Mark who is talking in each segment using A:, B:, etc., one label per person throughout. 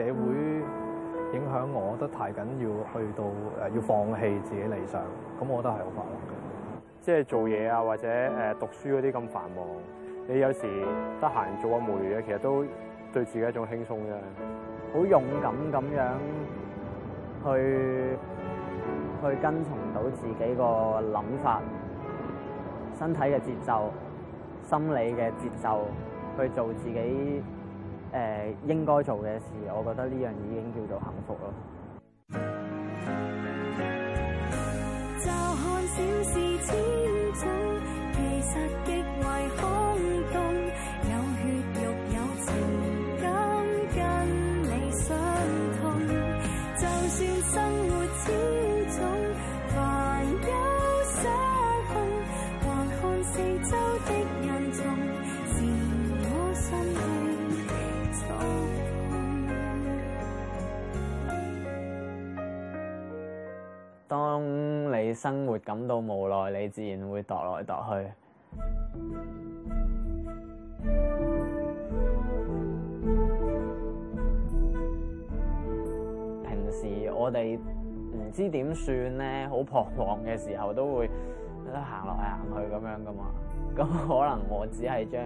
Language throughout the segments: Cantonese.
A: 社會影響我，覺得太緊要，要去到誒，要放棄自己理想，咁我覺得係好繁
B: 忙嘅。即係做嘢啊，或者誒讀書嗰啲咁繁忙，你有時得閒做下無聊嘢，其實都
C: 對自己一種輕鬆啫。好勇敢咁樣去去跟從到自己個諗法、身體嘅節奏、心理嘅節奏，去做自己。誒、呃、應該做嘅事，我覺得呢樣已經叫做幸福咯，
D: 就看小事情中其實
C: 生活感到無奈，你自然會踱來踱去。平時我哋唔知點算咧，好彷徨嘅時候都會行落去行去咁樣噶嘛。咁可能我只係將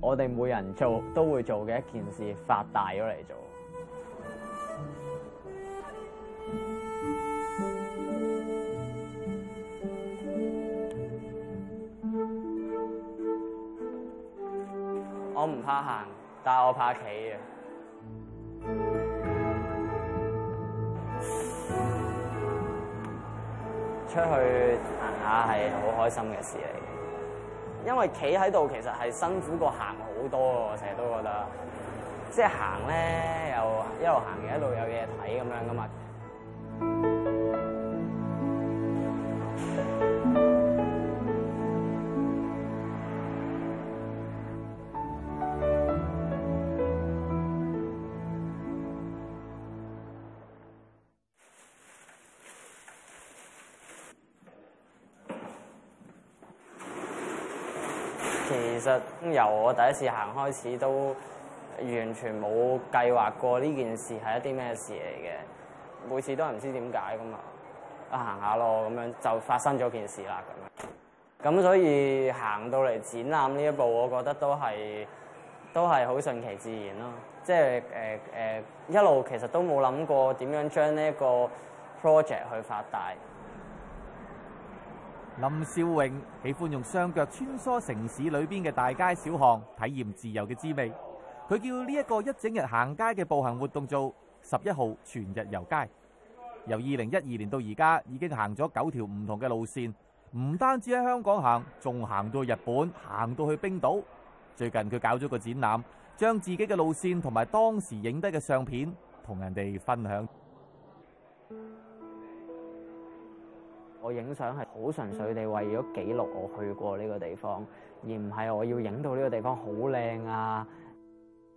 C: 我哋每人做都會做嘅一件事發大咗嚟做。我唔怕行，但係我怕企啊！出去行下係好開心嘅事嚟，因為企喺度其實係辛苦過行好多，我成日都覺得。即係行咧，又一路行嘅，一路有嘢睇咁樣噶嘛。由我第一次行開始，都完全冇計劃過呢件事係一啲咩事嚟嘅。每次都係唔知點解噶嘛，啊行下咯咁樣，就發生咗件事啦咁樣。咁所以行到嚟展覽呢一步，我覺得都係都係好順其自然咯。即係誒誒，一路其實都冇諗過點樣將呢一個 project 去發大。
E: 林少榮喜歡用雙腳穿梭城市裏邊嘅大街小巷，體驗自由嘅滋味。佢叫呢一個一整日行街嘅步行活動做十一號全日遊街。由二零一二年到而家，已經行咗九條唔同嘅路線，唔單止喺香港行，仲行到日本，行到去冰島。最近佢搞咗個展覽，將自己嘅路線同埋當時影低嘅相片同人哋分享。
C: 我影相係好純粹地為咗記錄我去過呢個地方，而唔係我要影到呢個地方好靚啊！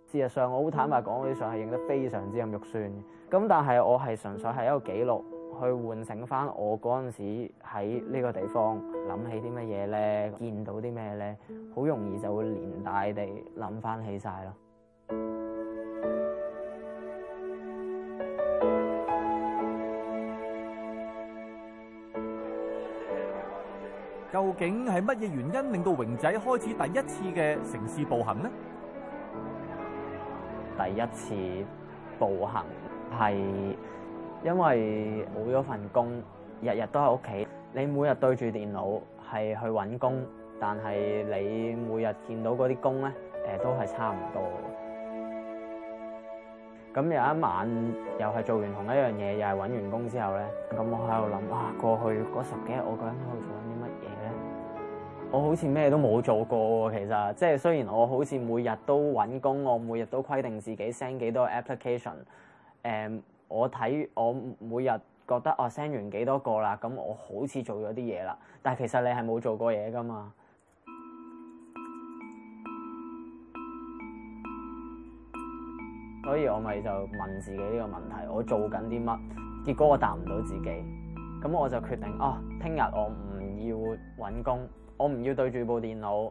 C: 事實上，我好坦白講，我啲相係影得非常之咁肉酸嘅。咁但係我係純粹係一個記錄，去喚醒翻我嗰陣時喺呢個地方諗起啲乜嘢咧，見到啲咩咧，好容易就會連帶地諗翻起晒咯。
E: 究竟係乜嘢原因令到榮仔開始第一次嘅城市步行呢？
C: 第一次步行係因為冇咗份工，日日都喺屋企，你每日對住電腦係去搵工，但係你每日見到嗰啲工咧，誒、呃、都係差唔多。咁有一晚又係做完同一樣嘢，又係搵完工之後咧，咁我喺度諗啊，過去嗰十幾日我個人我好似咩都冇做過喎。其實即係雖然我好似每日都揾工，我每日都規定自己 send 幾多 application，誒，我睇我每日覺得哦 send 完幾多個啦，咁我好似做咗啲嘢啦。但係其實你係冇做過嘢噶嘛，所以我咪就問自己呢個問題：我做緊啲乜？結果我答唔到自己，咁我就決定哦，聽日我唔要揾工。我唔要對住部電腦，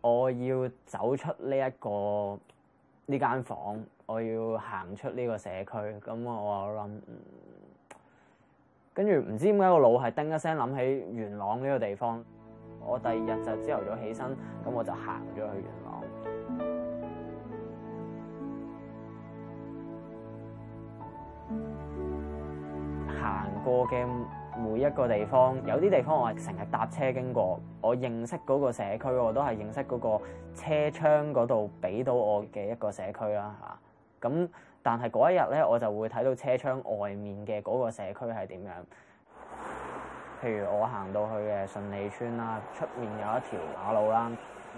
C: 我要走出呢一個呢間房，我要行出呢個社區。咁我諗，跟住唔知點解個腦係叮一聲諗起元朗呢個地方。我第二日就朝頭早起身，咁我就行咗去元朗，行過
D: 嘅。
C: 每一個地方，有啲地方我係成日搭車經過，我認識嗰個社區，我都係認識嗰個車窗嗰度俾到我嘅一個社區啦嚇。咁但係但係嗰一日咧，我就會睇到車窗外面嘅嗰個社區係點樣。譬如我行到去嘅順利邨啦，出面有一條馬路啦，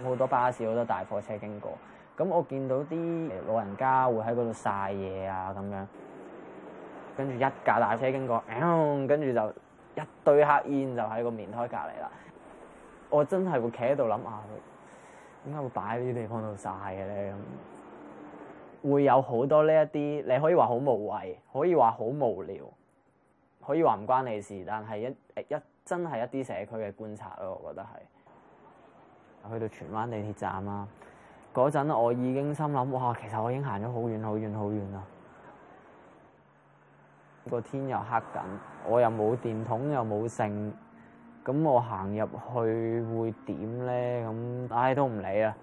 C: 好多巴士、好多大貨車經過。咁我見到啲老人家會喺嗰度曬嘢啊，咁樣，跟住一架大車經過，跟、呃、跟住就。一堆黑煙就喺個棉胎隔離啦，我真係會企喺度諗下佢點解會擺喺啲地方度晒嘅咧？咁、嗯、會有好多呢一啲，你可以話好無謂，可以話好無聊，可以話唔關你事，但係一一真係一啲社區嘅觀察咯，我覺得係。去到荃灣地鐵站啦，嗰陣我已經心諗哇，其實我已經行咗好遠好遠好遠啦。個天又黑緊，我又冇電筒又冇剩，咁我行入去會點咧？咁唉都唔理呀！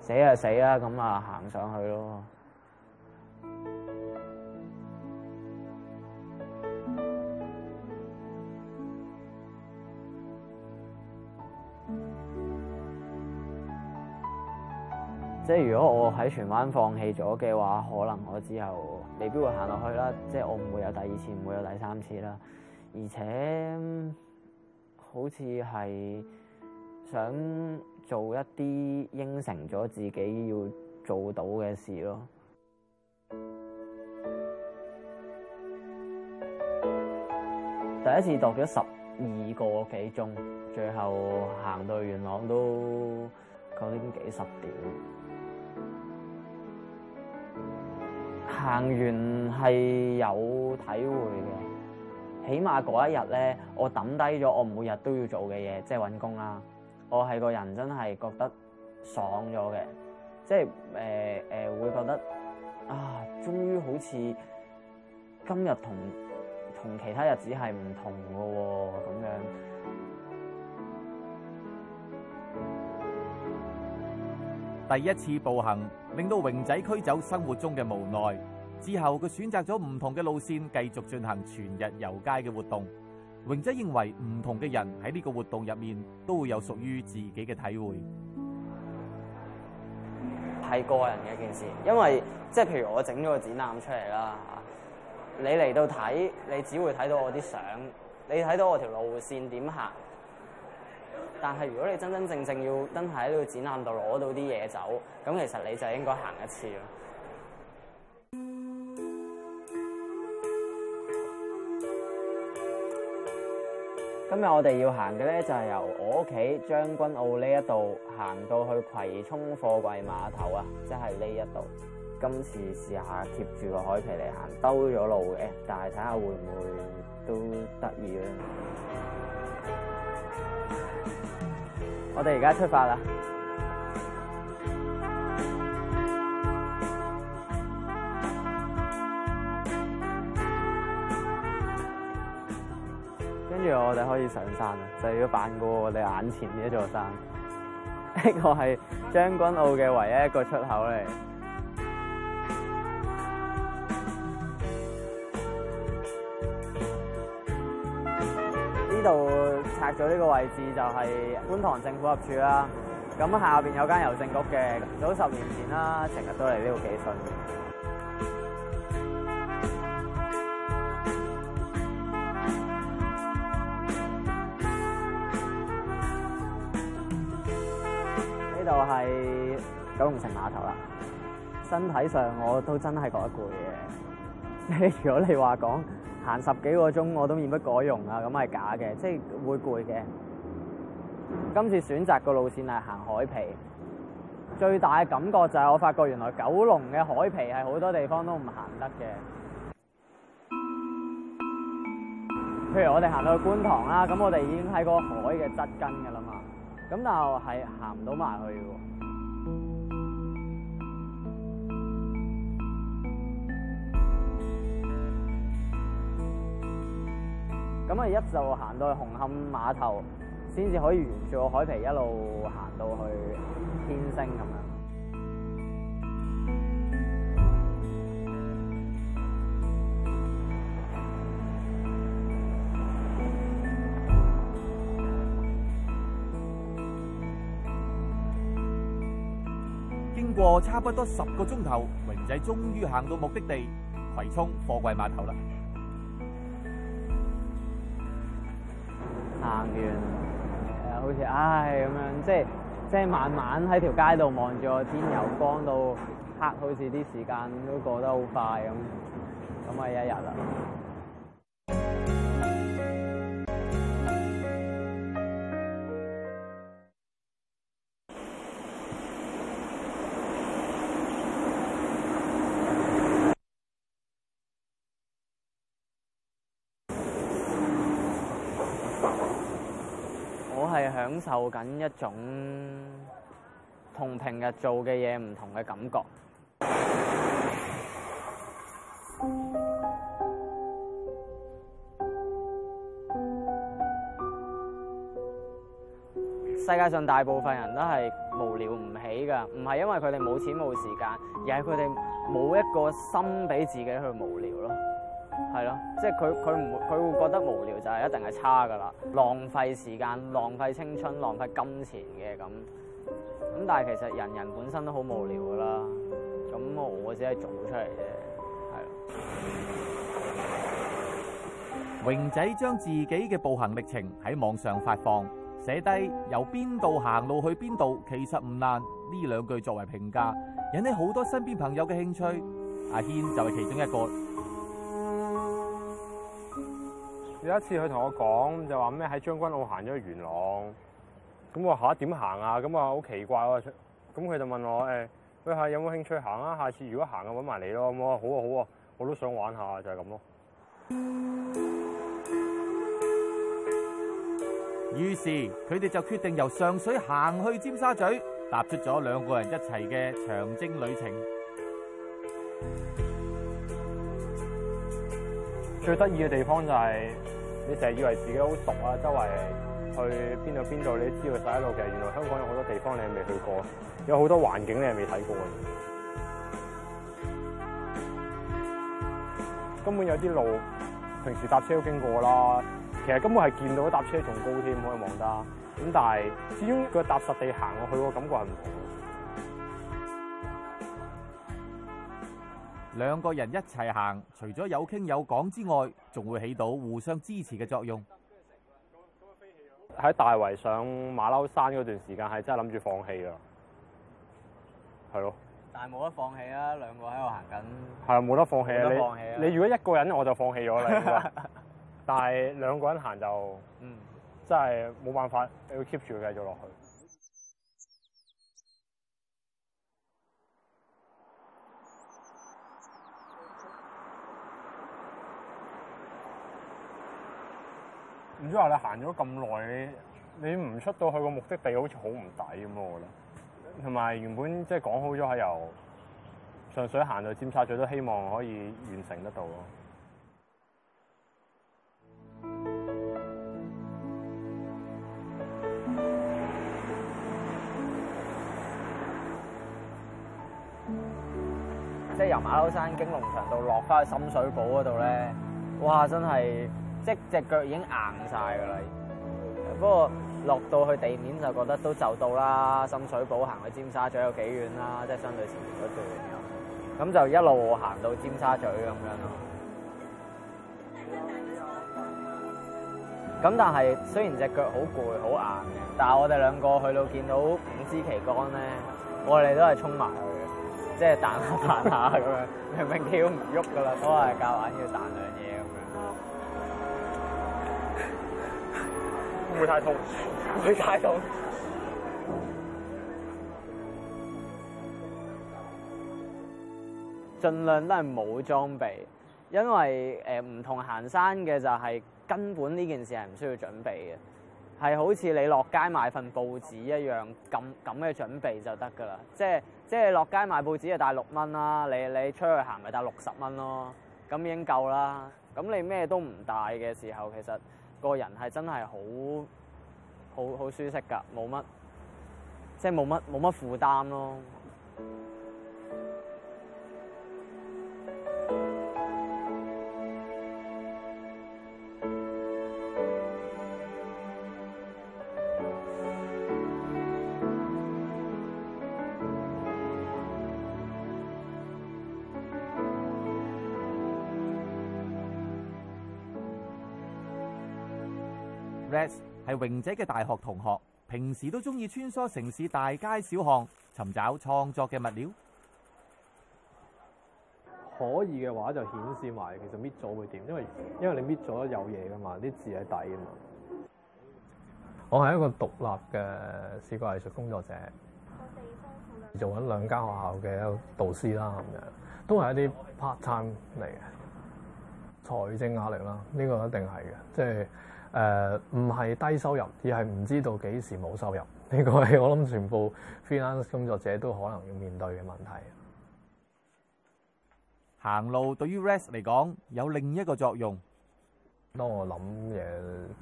C: 死就死呀！咁啊行上去咯。即係如果我喺荃灣放棄咗嘅話，可能我之後未必會行落去啦。即係我唔會有第二次，唔會有第三次啦。而且好似係想做一啲應承咗自己要做到嘅事咯。第一次度咗十二個幾鐘，最後行到元朗都九點幾十點。行完係有體會嘅，起碼嗰一日咧，我抌低咗我每日都要做嘅嘢，即係揾工啦。我係個人真係覺得爽咗嘅，即係誒誒會覺得啊，終於好似今日同同其他日子係唔同嘅喎、哦，咁樣
E: 第一次步行令到榮仔驅走生活中嘅無奈。之後佢選擇咗唔同嘅路線繼續進行全日遊街嘅活動。榮仔認為唔同嘅人喺呢個活動入面都會有屬於自己
C: 嘅體會，係個人嘅一件事。因為即係譬如我整咗個展覽出嚟啦，你嚟到睇，你只會睇到我啲相，你睇到我條路線點行。但係如果你真真正正要登喺呢個展覽度攞到啲嘢走，咁其實你就應該行一次咯。今日我哋要行嘅咧，就係由我屋企將軍澳呢一度行到去葵涌貨櫃碼頭啊，即係呢一度。今次試下貼住個海皮嚟行，兜咗路嘅，但係睇下會唔會都得意啦。 我哋而家出發啦！我哋可以上山啦，就是，要翻過我哋眼前呢一座山。呢個係將軍澳嘅唯一一個出口嚟。呢度 拆咗呢個位置就係觀塘政府合署啦，咁下邊有間郵政局嘅，早十年前啦，成日都嚟呢度寄信。九龍城碼頭啦，身體上我都真係覺得攰嘅。 如果你話講行十幾個鐘我都面不改容啊，咁係假嘅，即係會攰嘅。 今次選擇個路線係行海皮，最大嘅感覺就係我發覺原來九龍嘅海皮係好多地方都唔行得嘅。譬 如我哋行到去觀塘啦，咁我哋已經喺個海嘅側根噶啦嘛，咁但係係行唔到埋去嘅。咁啊，一就行到去紅磡碼頭，先至可以沿住海皮一路行到去天星咁樣。
E: 經過差不多十個鐘頭，榮仔終於行到目的地葵涌貨櫃碼頭啦。
C: 行完，誒、呃，好似，唉，咁樣，即係，即係慢慢喺條街度望住個天由光到黑，好似啲時間都過得好快咁，咁啊一日啦。享受緊一種同平日做嘅嘢唔同嘅感覺。世界上大部分人都係無聊唔起㗎，唔係因為佢哋冇錢冇時間，而係佢哋冇一個心俾自己去無聊咯。係咯，即係佢佢唔佢會覺得無聊就係一定係差噶啦，浪費時間、浪費青春、浪費金錢嘅咁。咁但係其實人人本身都好無聊噶啦，咁我只係
D: 做出嚟啫，係咯。
E: 榮仔將自己嘅步行歷程喺網上發放，寫低由邊度行路去邊度，其實唔難。呢兩句作為評價，引起好多身邊朋友嘅興趣。
B: 阿軒就係其中一個。有一次佢同我講就話咩喺將軍澳行咗去元朗，咁我下，點行啊？咁我好奇怪喎、啊，咁佢就問我誒，喂、欸，下、欸、有冇興趣行啊？下次如果行嘅揾埋你咯。咁我好啊好啊，我都想玩下就係咁咯。於是佢哋就決定由上水行
E: 去尖沙咀，踏出咗兩個人一齊嘅長征旅程。
B: 最得意嘅地方就係你成日以為自己好熟啊，周圍去邊度邊度你知道曬一路嘅。其實原來香港有好多地方你係未去過，有好多環境你係未睇過嘅。根本有啲路平時搭車都經過啦，其實根本係見到搭車仲高添，可以望得。咁但係，始終佢踏實地
D: 行落去個感覺係唔同。
E: 兩個人一齊行，除咗有傾有講之外，仲會起到互相支
B: 持嘅作用。喺大圍上馬騮山嗰段時間，係真係諗住放棄噶，係咯。但係
C: 冇得放棄啊，兩個喺度行緊。
B: 係啊，冇得放棄啊，冇得放棄啊，你，你如果一個人，我就放棄咗啦。 但係兩個人行就，嗯，真係冇辦法，要 keep 住繼續落去。唔知話你行咗咁耐，你唔出到去個目的地好似好唔抵咁咯。我覺得同埋原本即係講好咗喺由上水行到尖沙咀都希望可以完成得到咯。
C: 即係由馬騮山經龍翔道落翻去深水埗嗰度咧，哇！真係～即係隻腳已經硬晒㗎啦，不過落到去地面就覺得都就到啦。深水埗行去尖沙咀有幾遠啦？即係相對前面嗰隊嚟講，咁就一路行到尖沙咀咁樣咯。咁但係雖然隻腳好攰好硬嘅，但係我哋兩個去到見到五支旗杆咧，我哋都係衝埋去嘅，即係彈下彈下咁 樣，明明跳唔喐㗎啦，都係夾硬要彈兩嘢。會，會太痛，會，會太痛。盡 量都係冇裝備，因為誒唔同行山嘅就係根本呢件事係唔需要準備嘅，係好似你落街買份報紙一樣咁，咁嘅準備就得噶啦。即係即係落街買報紙就帶六蚊啦，你你出去行咪帶六十蚊咯，咁已經夠啦。咁你咩都唔帶嘅時候，其實。個人係真係好好好舒適㗎，冇乜即係冇乜冇乜負擔咯。
E: 係榮仔嘅大學同學，平時都中意穿梭城市大街小巷，尋找創作嘅物料。
A: 可以嘅話就顯示埋，其實搣咗會點？因為因為你搣咗有嘢噶嘛，啲字喺底啊嘛。我係一個獨立嘅視覺藝術工作者，做緊兩間學校嘅一個導師啦，咁樣都係一啲 part time 嚟嘅。財政壓力啦，呢個一定係嘅，即係。誒唔係低收入，而係唔知道幾時冇收入。呢個係我諗全部 freelance 工作者都可能要面對嘅問題。
E: 行路對於 rest 嚟講有另一個作用。
A: 當我諗嘢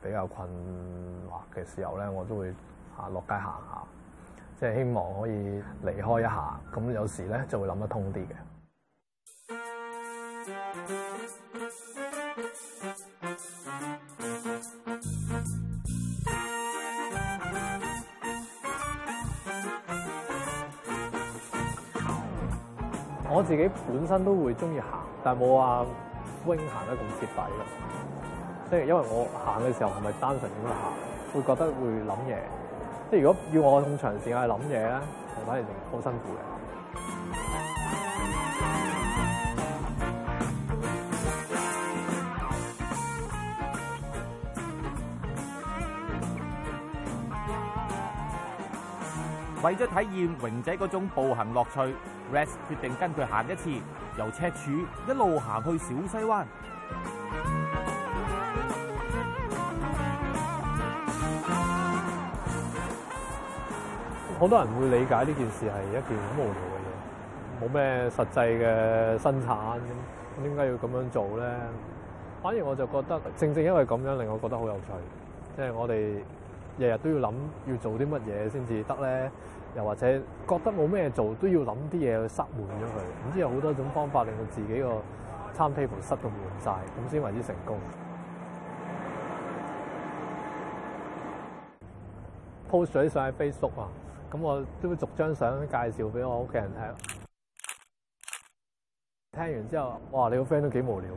A: 比較困惑嘅時候咧，我都會啊落街行下，即係希望可以離開一下，咁有時咧就會諗得通啲嘅。我自己本身都會中意行，但係冇話榮行得咁徹底咯。即係因為我行嘅時候係咪單純咁樣行，會覺得會諗嘢。即係如果要我咁長時間去諗嘢咧，反而就好辛苦嘅。
E: 為咗體驗榮仔嗰種步行樂趣 Rex 決定跟佢行一次，由赤柱一路行去小西灣。
A: 好多人會理解呢件事係一件好無聊嘅嘢，冇咩實際嘅生產，點解要咁樣做咧？反而我就覺得，正正因為咁樣令我覺得好有趣，即係我哋。日日都要諗要做啲乜嘢先至得咧，又或者覺得冇咩做，都要諗啲嘢去塞滿咗佢。總之有好多種方法令到自己個 timetable 塞到滿晒，咁先為之成功。po 相上喺 Facebook 啊，咁 我都會逐張相介紹俾我屋企人聽。 聽完之後，哇！你個 friend 都幾無聊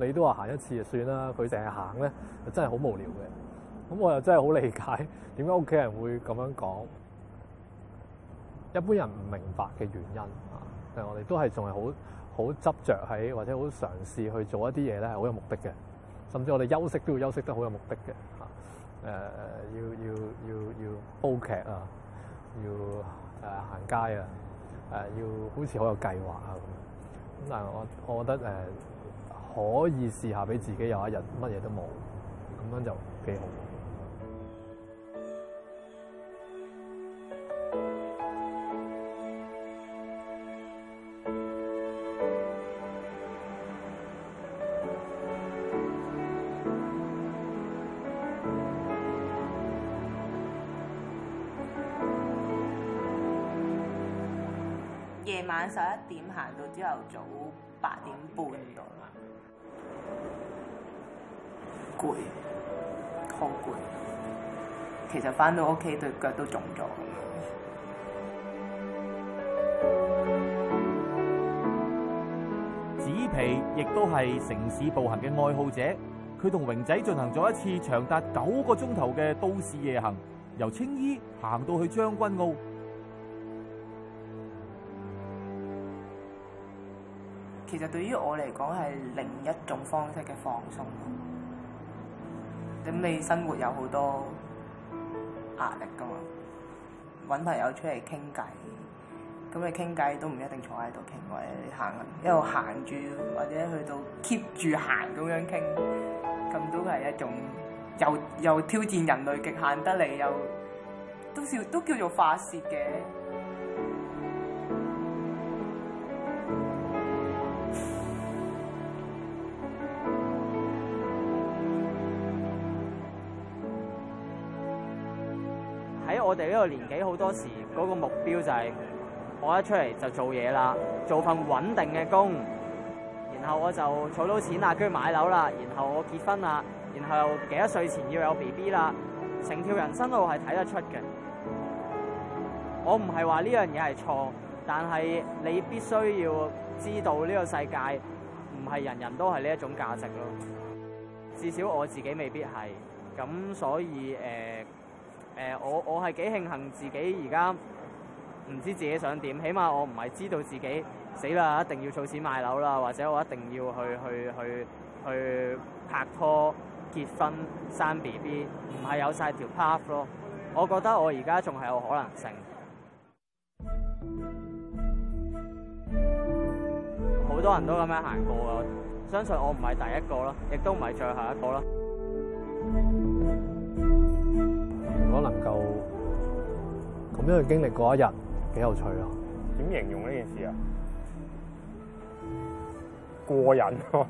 A: 喎，你都話行一次就算啦，佢成日行咧，真係好無聊嘅。咁我又真係好理解點解屋企人會咁樣講，一般人唔明白嘅原因啊！但係我哋都係仲係好好執着喺或者好嘗試去做一啲嘢咧，係好有目的嘅。甚至我哋休息都要休息得好有目的嘅嚇、呃。要要要要煲劇啊，要、呃、行街啊，呃、要好似好有計劃啊咁。咁但係我我覺得、呃、可以試下俾自己有一日乜嘢都冇，咁樣就幾好。
C: 朝頭早八點半到嘛，攰，好攰。其實翻到屋企對腳都腫咗。
E: 紫皮亦都係城市步行嘅愛好者，佢同榮仔進行咗一次長達九個鐘頭嘅都市夜行，由青衣行到去將軍澳。
C: 其實對於我嚟講係另一種方式嘅放鬆，咁你生活有好多壓力噶嘛？揾朋友出嚟傾偈，咁你傾偈都唔一定坐喺度傾，或者行，一路行住或者去到 keep 住行咁樣傾，咁都係一種又又挑戰人類極限得嚟，又都叫都叫做發泄嘅。我哋呢個年紀好多時，嗰個目標就係我一出嚟就做嘢啦，做份穩定嘅工，然後我就儲到錢啦，跟住買樓啦，然後我結婚啦，然後幾多歲前要有 B B 啦，成條人生路係睇得出嘅。我唔係話呢樣嘢係錯，但係你必須要知道呢個世界唔係人人都係呢一種價值咯。至少我自己未必係，咁所以誒。呃誒，我我係幾慶幸自己而家唔知自己想點，起碼我唔係知道自己死啦，一定要儲錢買樓啦，或者我一定要去去去去拍拖結婚生 BB，唔係有晒條 path 咯。我覺得我而家仲係有可能性。好多人都咁樣行過啊，相信我唔係第一個啦，亦都唔係最後一個啦。
A: 如果能夠咁樣去經歷過一日，幾有趣 啊！
B: 點形容呢件事啊？過癮咯！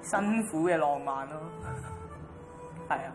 C: 辛苦嘅浪漫咯，
D: 係啊！